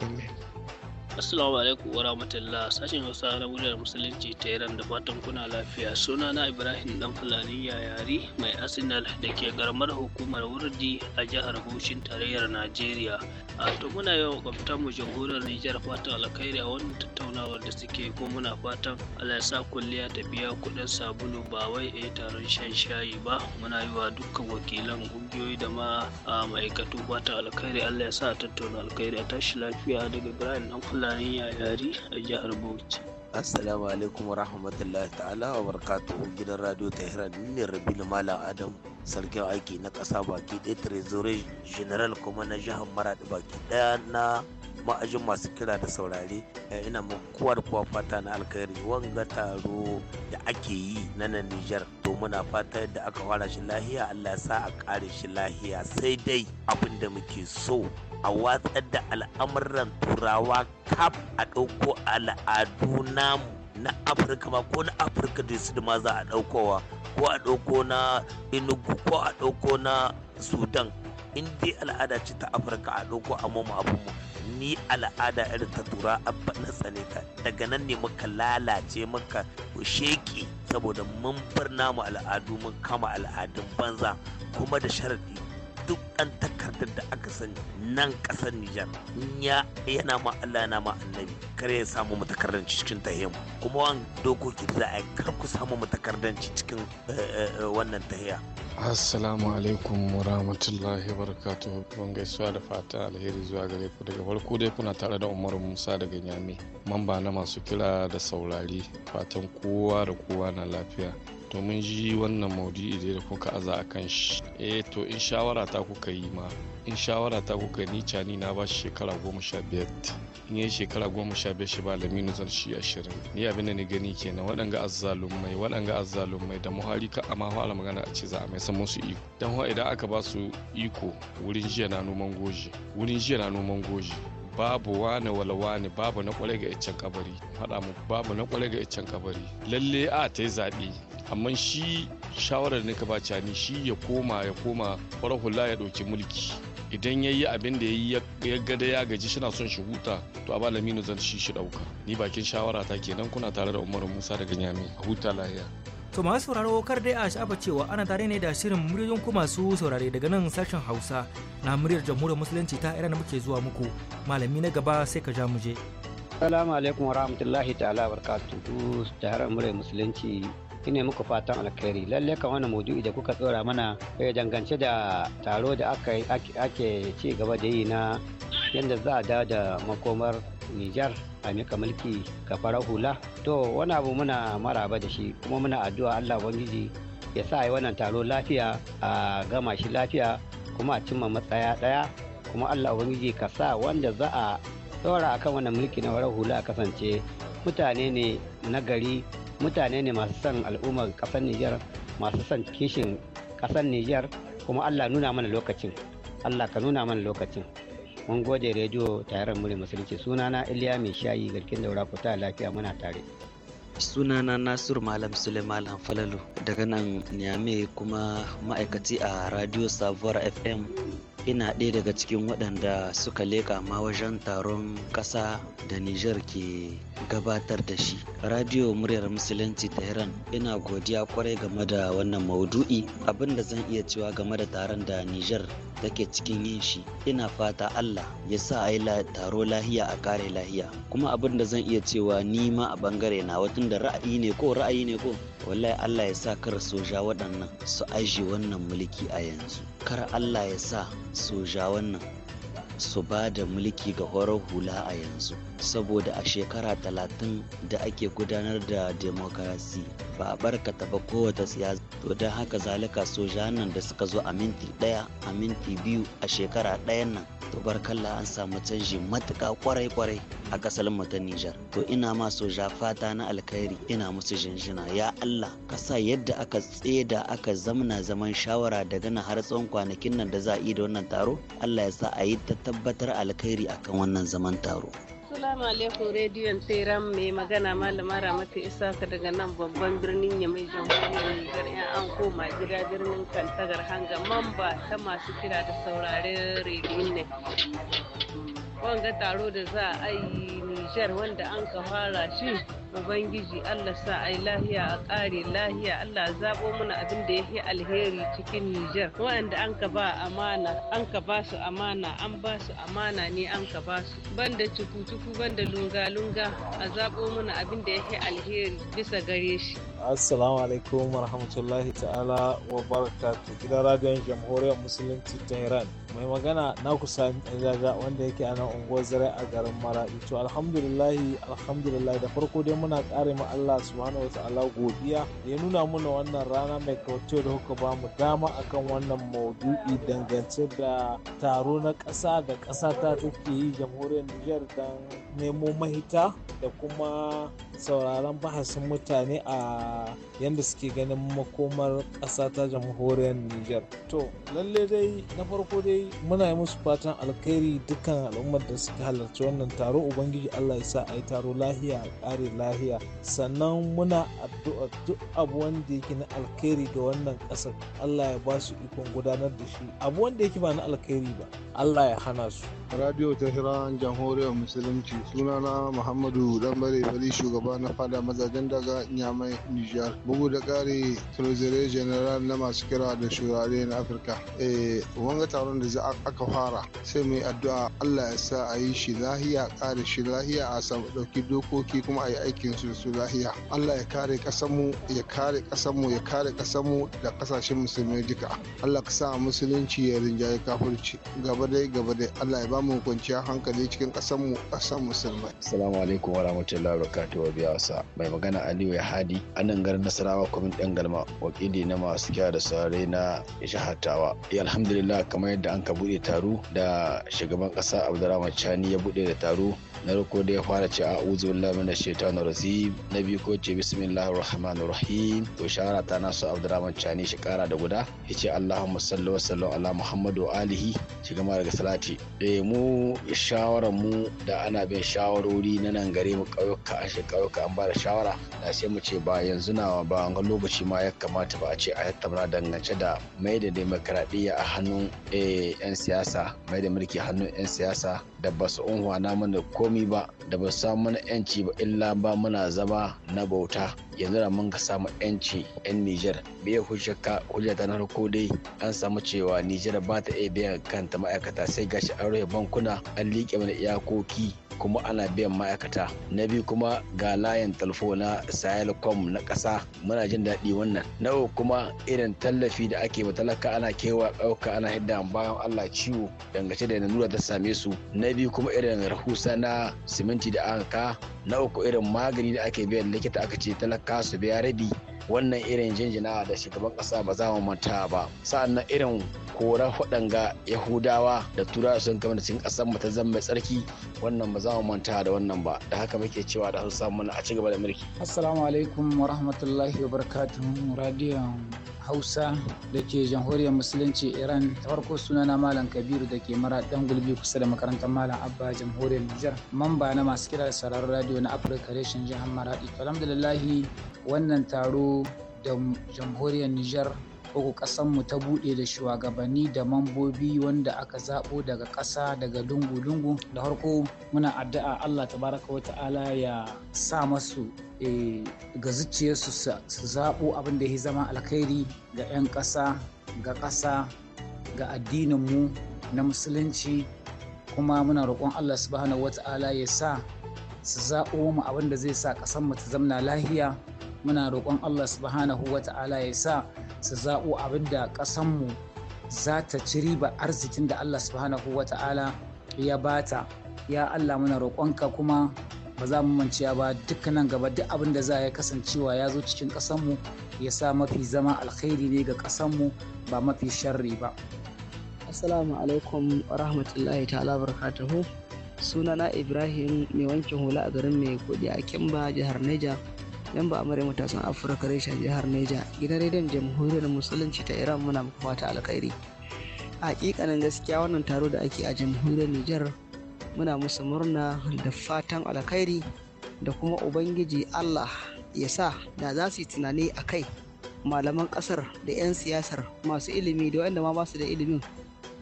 Assalamu alaikum wa rahmatullah sashen Hausa na muryar Musulunci ta Iran da fatan kuna lafiya suna na Ibrahim dan Fulani Yayari mai Arsenal da ke garmar hukumar Wurdi a jihar Bauchin tarayyar Najeriya. A to muna yau kwamfutar mu jamhuriyar Nijar fatan alkhairi a wannan tattaunawar da suke ko muna fatan Allah ya sa kulliya ta biya kuɗin sabulu ba wai a eh, taron shan shayi ba muna yi wa dukkan wakilan ƙungiyoyi da ma a ma'aikatu fatan alkhairi Allah ya sa tattauna alkhairi a tashi lafiya daga Ibrahim dan Fulani Fulani Yayari a jihar Bauchi. Assalamu alaikum wa rahmatullahi ta'ala wa barakatuhu gidan radio Tehran ne Rabilu Malam Adam sarkin aiki na kasa baki ɗaya trezorin General kuma na jihar Maradi baki ɗaya na ma'ajin masu kira da saurare eh, ina kowa kuwa fata na alkhairi wanga taro da ake yi na nan Nijar to muna fata da aka fara shi lahiya Allah sa a kare shi lahiya sai dai abin da muke so a watsar da al'amuran turawa kaf a ɗauko al'adu namu na afirka ma ko na afirka da su ma za a ɗaukowa ko a ɗauko na inugu ko a ɗauko na sudan in dai al'ada ce ta afirka a ɗauko a mamu abinmu ni al'ada irin ta tura abba na tsane ta daga nan ne muka lalace muka sheki saboda mun bar namu al'adu mun kama al'adun banza kuma da sharadi duk an takardar da aka sani nan kasar Nijar ya yana ma Allah yana ma annabi kare ya samu mu takardanci cikin tahiyyar kuma wan dokoki da za a yi kar ku samu mu takardanci cikin eh, eh, eh, wannan tahiya. Assalamu alaikum wa rahmatullahi wa barakatuhu ban gaisuwa da fata alheri zuwa gare ku daga farko dai kuna tare da Umar Musa daga Nyame mamba na masu kira da saurari fatan kowa da kowa na lafiya to mun ji wannan maudu'i da kuka aza a kan shi eh to in shawara ta kuka yi ma in shawara ta kuka ni cani na ba shi shekara goma sha biyar in yi shekara goma sha biyar shi ba laminu zan shi ashirin ni abin da ni gani kenan waɗanga azzalumai waɗanga azzalumai da muhari ka amma ala magana a ce za a mai san musu iko dan idan aka ba su iko wurin jiya na noman goji wurin jiya na noman goji babu wane ne babu na kwarai ga iccen kabari faɗa mu babu na kwarai ga iccen kabari lalle a ta yi zaɓe amma shi shawarar da ka ba cani shi ya koma ya koma kwarar hula ya ɗauki mulki idan ya yi abin da ya yi gada ya gaji shi son shi huta to a bala zan shi shi ɗauka ni bakin shawara ta kenan kuna tare da umaru musa daga nyami huta lahiya To masu sauraro kar dai a sha'aba cewa ana tare ne da shirin muryoyin ku masu saurare daga nan sashen Hausa na muryar jamhuriyar musulunci ta Iran muke zuwa muku malami na gaba sai ka ja mu je. Assalamu alaikum warahmatullahi ta'ala barakatuhu jihar muryar musulunci ina muku fatan alkhairi lalle kan wannan maudu'i da kuka tsora mana ya eh, dangance da taro da ake ci gaba da yi na yadda za a da da makomar Nijar a mika mulki ga farar hula to wani abu muna maraba da shi kuma muna addu'a Allah Ubangiji ya sa yi wannan taro lafiya a gama shi lafiya kuma a cimma matsaya ɗaya kuma Allah Ubangiji ka sa wanda za a ɗora akan wannan mulki na farar hula a kasance mutane ne na gari mutane ne masu son al'ummar ƙasar Nijar masu son kishin ƙasar Nijar kuma Allah nuna mana lokacin Allah ka nuna mana lokacin mun gode rediyo tayaran mure musulunci sunana iliya mai shayi garkin daura kuta lafiya muna tare sunana nasiru malam suleiman falalu daga nan niamey kuma ma'aikaci a radio savoir fm ina ɗaya daga cikin waɗanda suka leƙa ma wajen taron ƙasa da Nijar ke gabatar da shi. Radio muryar Musulunci Tehran ina godiya kwarai game da wannan maudu'i abin da zan iya cewa game da taron da Nijar take cikin yin shi ina fata Allah ya sa a yi taro lahiya a kare lahiya kuma abin da zan iya cewa ni ma a bangare na watan da ra'ayi ne ko ra'ayi ne ko wallahi Allah ya sa kar soja waɗannan su aji wannan mulki a yanzu kar allah ya sa sojawan wannan su ba da mulki ga horar hula a yanzu saboda a shekara talatin da ake gudanar da demokarasi ba a barkata ba kowace siyasa to don haka zalika soja nan da suka zo a minti ɗaya a minti biyu a shekara ɗayan nan to barkalla an samu canji matuka kwarai kwarai a ƙasar mu ta Nijar to ina ma soja fata na alkhairi ina musu jinjina ya Allah ka sa yadda aka tseda aka zamna zaman shawara daga na har tsawon kwanakin nan da za a yi da wannan taro Allah ya sa a yi ta tabbatar alkhairi akan wannan zaman taro Assalamu alaikum rediyon Teram mai magana malama Ramatu ka daga nan babban birnin Yamai jamhuriyar Nijar yan an koma gida birnin Kantagar Hanga mamba ta masu kira da saurare rediyon ne. ga taro da za a yi Nijar wanda an ka fara shi Ubangiji Allah sa ai lahiya a ƙare lahiya Allah zabo mana abin da ya alheri cikin Nijar. Waɗanda an ka ba amana, an ka ba su amana, an ba su amana ne an ka ba su. Banda cuku-cuku banda lunga-lunga a zabo mana abin da ya alheri bisa gare shi. Assalamu alaikum wa rahmatullahi ta'ala wa barakatuh. Gidan radiyon jamhuriyar musulunci ta Iran. mai magana na kusa daga wanda yake a nan unguwar zarai a garin maraɗi to alhamdulillahi alhamdulillahi da farko dai muna ƙare ma Allah subhanahu wataala godiya da ya nuna muna wannan rana mai kauce da kuka ba mu dama akan wannan maudu'i dangance da taro na ƙasa da ƙasa ta take yi jamhuriyar Nijar don nemo mahita da kuma sauraron bahasin mutane a yadda suke ganin makomar ƙasa ta jamhuriyar Nijar to lalle dai na farko dai muna yi musu fatan alkhairi dukkan al'ummar da suka halarci wannan taro ubangiji allah ya sa a yi taro lahiya a kare lahiya sannan muna addu'a duk abu wanda yake na alkhairi ga wannan kasar allah ya ba su ikon gudanar da shi abu wanda yake ba na alkhairi ba allah ya hana su radio tehran jamhuriyar musulunci sunana muhammadu dambare bari shugaba na fada mazajen daga nyamai nijar bugu da kare trezere general na masu kira da shurare na afirka eh, wanga taron da yanzu aka fara sai mu yi addu'a Allah ya sa a yi shi lahiya kare shi lahiya a samu dauki dokoki kuma a yi aikin su su lahiya Allah ya kare kasanmu ya kare kasanmu ya kare kasanmu da kasashen musulmi duka Allah ka sa musulunci ya rinjaye kafirci gaba dai gaba dai Allah ya ba mu kwanciyar hankali cikin ƙasarmu ƙasar musulmai assalamu alaikum wa rahmatullahi wa barakatuhu wasa. mai magana Aliyu Hadi anan garin Nasarawa kwamin dan galma wakili na masu kya da sare na shahatawa eh, alhamdulillah kamar yadda an ka bude taro da shugaban kasa abdurrahman chani ya bude da taro na farko da ya fara ce a uzu billahi min shaitan rajim na biyu ko ce bismillah rahman rahim to shawara ta nasu abdurrahman chani shi kara da guda Ya ce allahumma salli wa sallam ala muhammadu alihi shi gama daga salati eh mu shawarar mu da ana bin shawarori na nan gare mu kauyuka a shi kauyuka an ba da shawara da sai mu ce ba yanzu na ba an ga lokaci ma ya kamata ba a ce a tattauna dangance da mai da demokradiyya a hannun eh, 'yan siyasa mai da mulki hannun 'yan siyasa da basu unhuwa namun da komai komi ba da ba samu mana yanci ba illa ba muna zama na bauta yanzu da mun ka samu yanci yan Nijar biya hujjaka hujjata ta harko dai an samu cewa Nijar ba ta iya biyan kanta ma'aikata sai gashi an rufe bankuna an liƙe mana iyakoki kuma ana biyan ma'aikata na biyu kuma ga layin talfo na sahelcom na ƙasa muna jin daɗi wannan na uku kuma irin tallafi da ake talaka ana kewa ɗauka ana hidda bayan allah ciwo dangace da lura ta same su na biyu kuma irin rahusa na siminti da aka na uku irin magani da ake biyan likita aka ce talaka su biya rabi wannan irin jinjina da shugaban kasa ba za mu manta ba sa'annan irin kora faɗanga yahudawa da turawa sun kama da cikin ƙasar mu ta zama mai tsarki wannan ba za mu manta da wannan ba da haka muke cewa da hausa mana a ci gaba da mulki assalamu alaikum wa rahmatullahi wa barakatuhu radiyon hausa da ke jamhuriyar musulunci iran ta farko sunana malam kabiru da ke mara dan gulbi kusa da makarantar malam abba jamhuriyar nijar mamba na masu kira da sauraron radio na afirka reshen jihar maradi alhamdulillahi wannan taro da jamhuriyar nijar uku ƙasarmu ta buɗe da shugabanni da mambobi wanda aka zaɓo daga ƙasa daga dungu-dungu da harko muna addu'a Allah tabaraka wa ta'ala ya sa masu eh, ga zuciyarsu su zaɓo abin da ya zama alkhairi ga 'yan ƙasa ga ƙasa ga addininmu na musulunci kuma muna roƙon Allah subhanahu wa ta'ala ya sa su zaɓo mu abin da zai sa ƙasarmu ta zamna lahiya muna roƙon Allah subhanahu wa ta'ala ya sa su zaɓo abin da ƙasanmu za ta ci riba arzikin da Allah subhanahu wa ta'ala ya bata ya Allah muna roƙonka kuma ba za mu manciya ba dukkanin gaba duk abin da za yi kasancewa ya zo cikin ƙasanmu ya sa mafi zama alkhairi ne ga ƙasanmu ba mafi sharri ba. Assalamu alaikum wa rahmatullahi ta'ala barkatahu sunana Ibrahim mai wanke hula a garin mai kudi a Kimba jihar Neja. yan ba amare matasan afirka reshen jihar neja gidan rediyon jamhuriyar musulunci ta iran muna muku fata alkhairi hakikanin gaskiya wannan taro da ake a jamhuriyar nijar muna musu murna da fatan alkhairi da kuma ubangiji allah ya sa da za su yi tunani a kai malaman kasar da 'yan siyasar masu ilimi da wanda ma basu da ilimin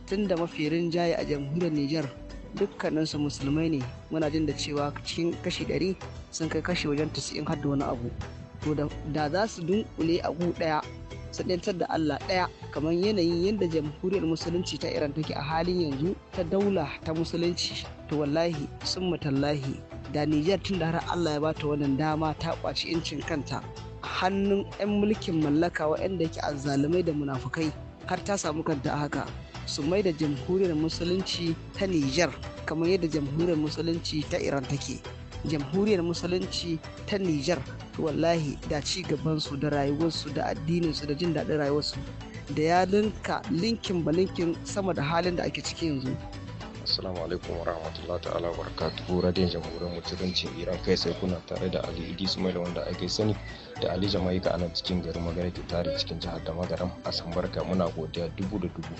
tun da mafi rinjaye a jamhuriyar nijar dukkaninsu musulmai ne muna jin da cewa cikin kashi ɗari sun kai kashi wajen tasirin har wani abu to da za su dunkule abu ɗaya su ɗantar da Allah ɗaya kamar yanayin yadda jamhuriyar musulunci ta Iran take a halin yanzu ta daula ta musulunci to wallahi sun matallahi da Nijar tun da har Allah ya bata wannan dama ta kwaci incin kanta hannun 'yan mulkin mallaka waɗanda yake azzalumai da munafukai har ta samu kanta haka su mai da jamhuriyar musulunci ta Nijar kamar yadda jamhuriyar musulunci ta Iran take. jamhuriyar musulunci ta Nijar wallahi da ci gaban su da rayuwarsu da addininsu da jin daɗin rayuwarsu da ya linka linkin ba linkin sama da halin da ake ciki yanzu. Assalamu alaikum wa rahmatullah ta'ala wa barakatuhu radiyon jamhuriyar musulunci Iran kai sai kuna tare da Ali Idi Sumaila wanda ake sani da Ali Jamaika a nan cikin garin Magana ke tare cikin jihar da a Sambarka muna godiya dubu da dubu.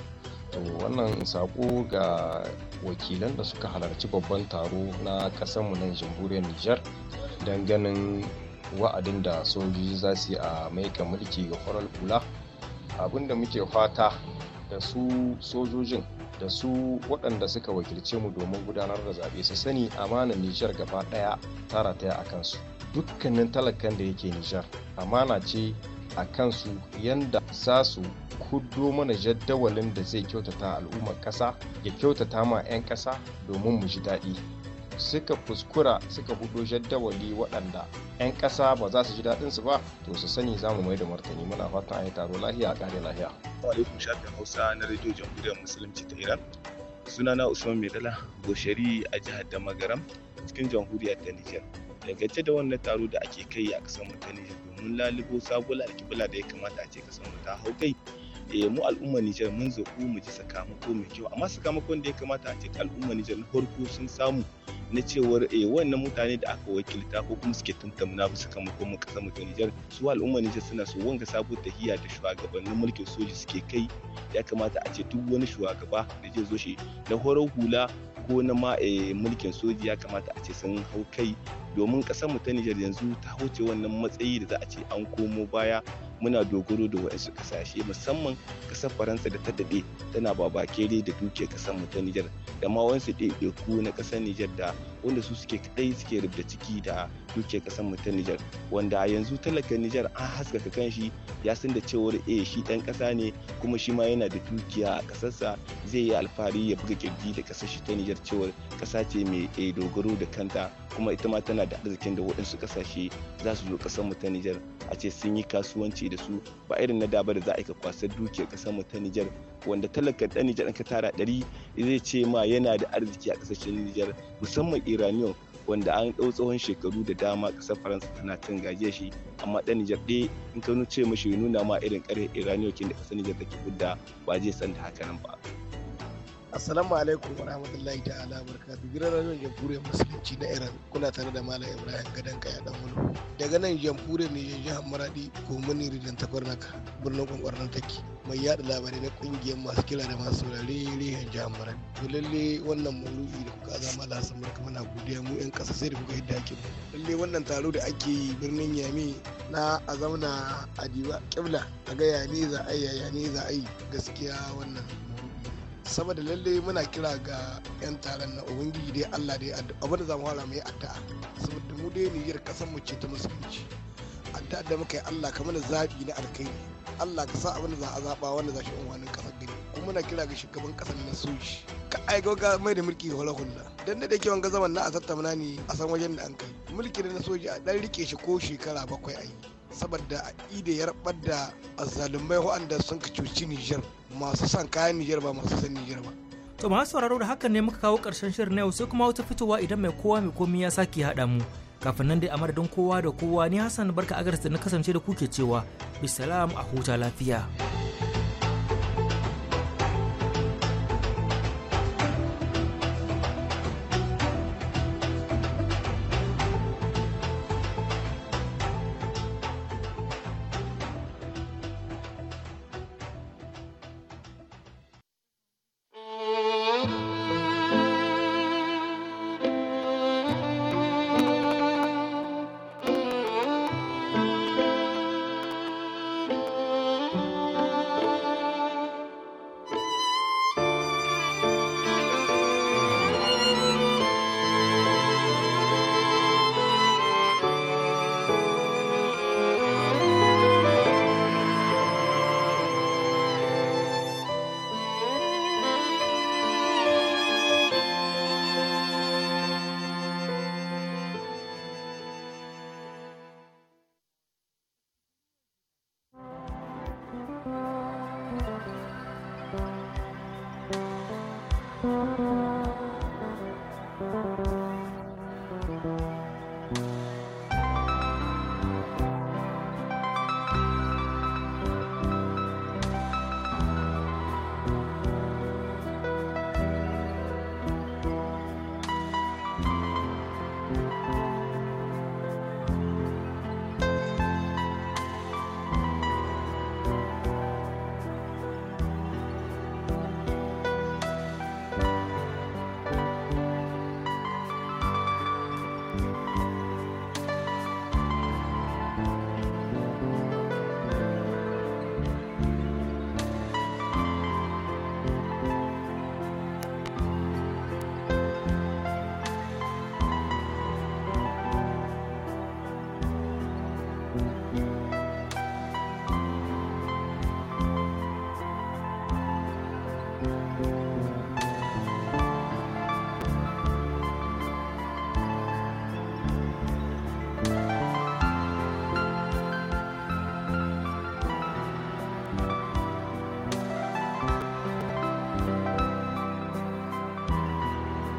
wannan sako ga wakilan da suka halarci babban taro na mu nan jamhuriyar nijar don ganin wa'adin da sojoji za su yi a maika mulki ga farar kula abinda muke fata da su sojojin da su waɗanda suka wakilce mu domin gudanar da zaɓe su sani amanar nijar gaba ɗaya tara ta a kansu dukkanin talakan da yake nijar amana ce a kansu yanda za su kudo mana jadawalin da zai kyautata al'ummar kasa ya kyautata ma 'yan ƙasa domin mu ji daɗi suka fuskura suka hudo jaddawali waɗanda 'yan ƙasa ba za su ji daɗin su ba to su sani za mu mai da martani muna fatan a yi taro lahiya a ƙare lahiya. alaikum shafin hausa na rediyo jamhuriyar musulunci ta iran sunana usman maidala goshari a jihar damagaram cikin jamhuriyar ta nijar dangance da wannan taro da ake kai a ƙasar mutane domin lalubo sabuwar alkibla da ya kamata a ce ƙasar mu ta hau kai eh mu al'ummar Nijar mun zaɓu mu ji sakamako mai kyau amma sakamakon da ya kamata a cikin al'ummar Nijar na farko sun samu na cewar eh wannan mutane da aka wakilta ko kuma suke tantamna ba sakamakon mu kasar Nijar su al'ummar Nijar suna so wanga sabo tahiya da shugabannin mulkin soji suke kai ya kamata a ce duk wani shugaba da zai zo shi na horar hula ko na ma eh, mulkin soji ya kamata a ce sun hau kai domin kasar mu ta Nijar yanzu ta huce wannan matsayi da za a ce an komo baya muna dogaro da wasu ƙasashe. musamman kasar faransa da ta daɗe tana babakere da dukiyar kasar mu ta nijar da ma wasu ɗaiɗaiku na kasar nijar da wanda su suke kadai suke rubda ciki da dukiyar kasar mu ta Nijar wanda yanzu talakan Nijar an haskaka shi ya san da cewar eh shi dan kasa ne kuma shi ma yana da dukiya a kasarsa zai yi alfahari ya buga kirji da kasar shi ta Nijar cewar kasa ce mai eh, dogaro da kanta kuma ita ma tana da arzikin da waɗansu kasashe za su zo kasar mu ta Nijar a ce sun yi kasuwanci da su ba irin na da ba da za a kwasar dukiyar kasar mu ta Nijar wanda talaka ɗan Nijar ɗan ka tara ɗari zai ce ma yana da arziki a ƙasashen Nijar musamman Iranium wanda an ɗau tsohon shekaru da dama ƙasar Faransa tana cin gaje shi amma ɗan Nijar ɗaya in ka ce mashi nuna ma irin ƙarfe Iranium kin da ƙasar Nijar take fudda ba zai san da haka nan ba. Assalamu alaikum wa rahmatullahi ta'ala da gidan radiyon jamhuriyar musulunci na Iran kuna tare da Malam Ibrahim Gadan Kaya dan Wulu. Daga nan jamhuriyar Nijar jihar Maradi komini ridan takwarnaka birnin kwankwarnan take mai yada labarai na kungiyar masu kila da masu saurare rihan jihar Maradi. To lalle wannan maudu'i da kuka zama da Hassan Barka muna godiya mu yan kasa sai da kuka yadda ake Lalle wannan taro da ake yi birnin Yami na a zauna a diba kibla a ga yane za a yi za a yi gaskiya wannan da lalle muna kira ga 'yan taron na ubangiji dai allah dai abu da zamu fara mai addu'a saboda mu dai niyyar kasar mu ce ta musulunci addu'a da muka yi allah kamar zabi na alkhairi allah ka sa abin da za a zaba wanda za shi unwanin kasar gari kuma muna kira ga shugaban kasar na soji ka aiko ga mai da mulki hula hula dan da ke wanga zaman na a tattamna ne a san wajen da an kai mulki na soji a dan rike shi ko shekara bakwai a yi saboda ida ya rabar da azzalumai waɗanda sun ka cuci Nijar masu son kayan Nijar ba masu son Nijar ba. To masu sauraro da hakan ne muka kawo ƙarshen shirin na yau sai kuma wata fitowa idan mai kowa mai komi ya sake haɗa mu. Kafin nan dai a madadin kowa da kowa ni Hassan barka agarsa na kasance da kuke cewa bisalam a huta lafiya.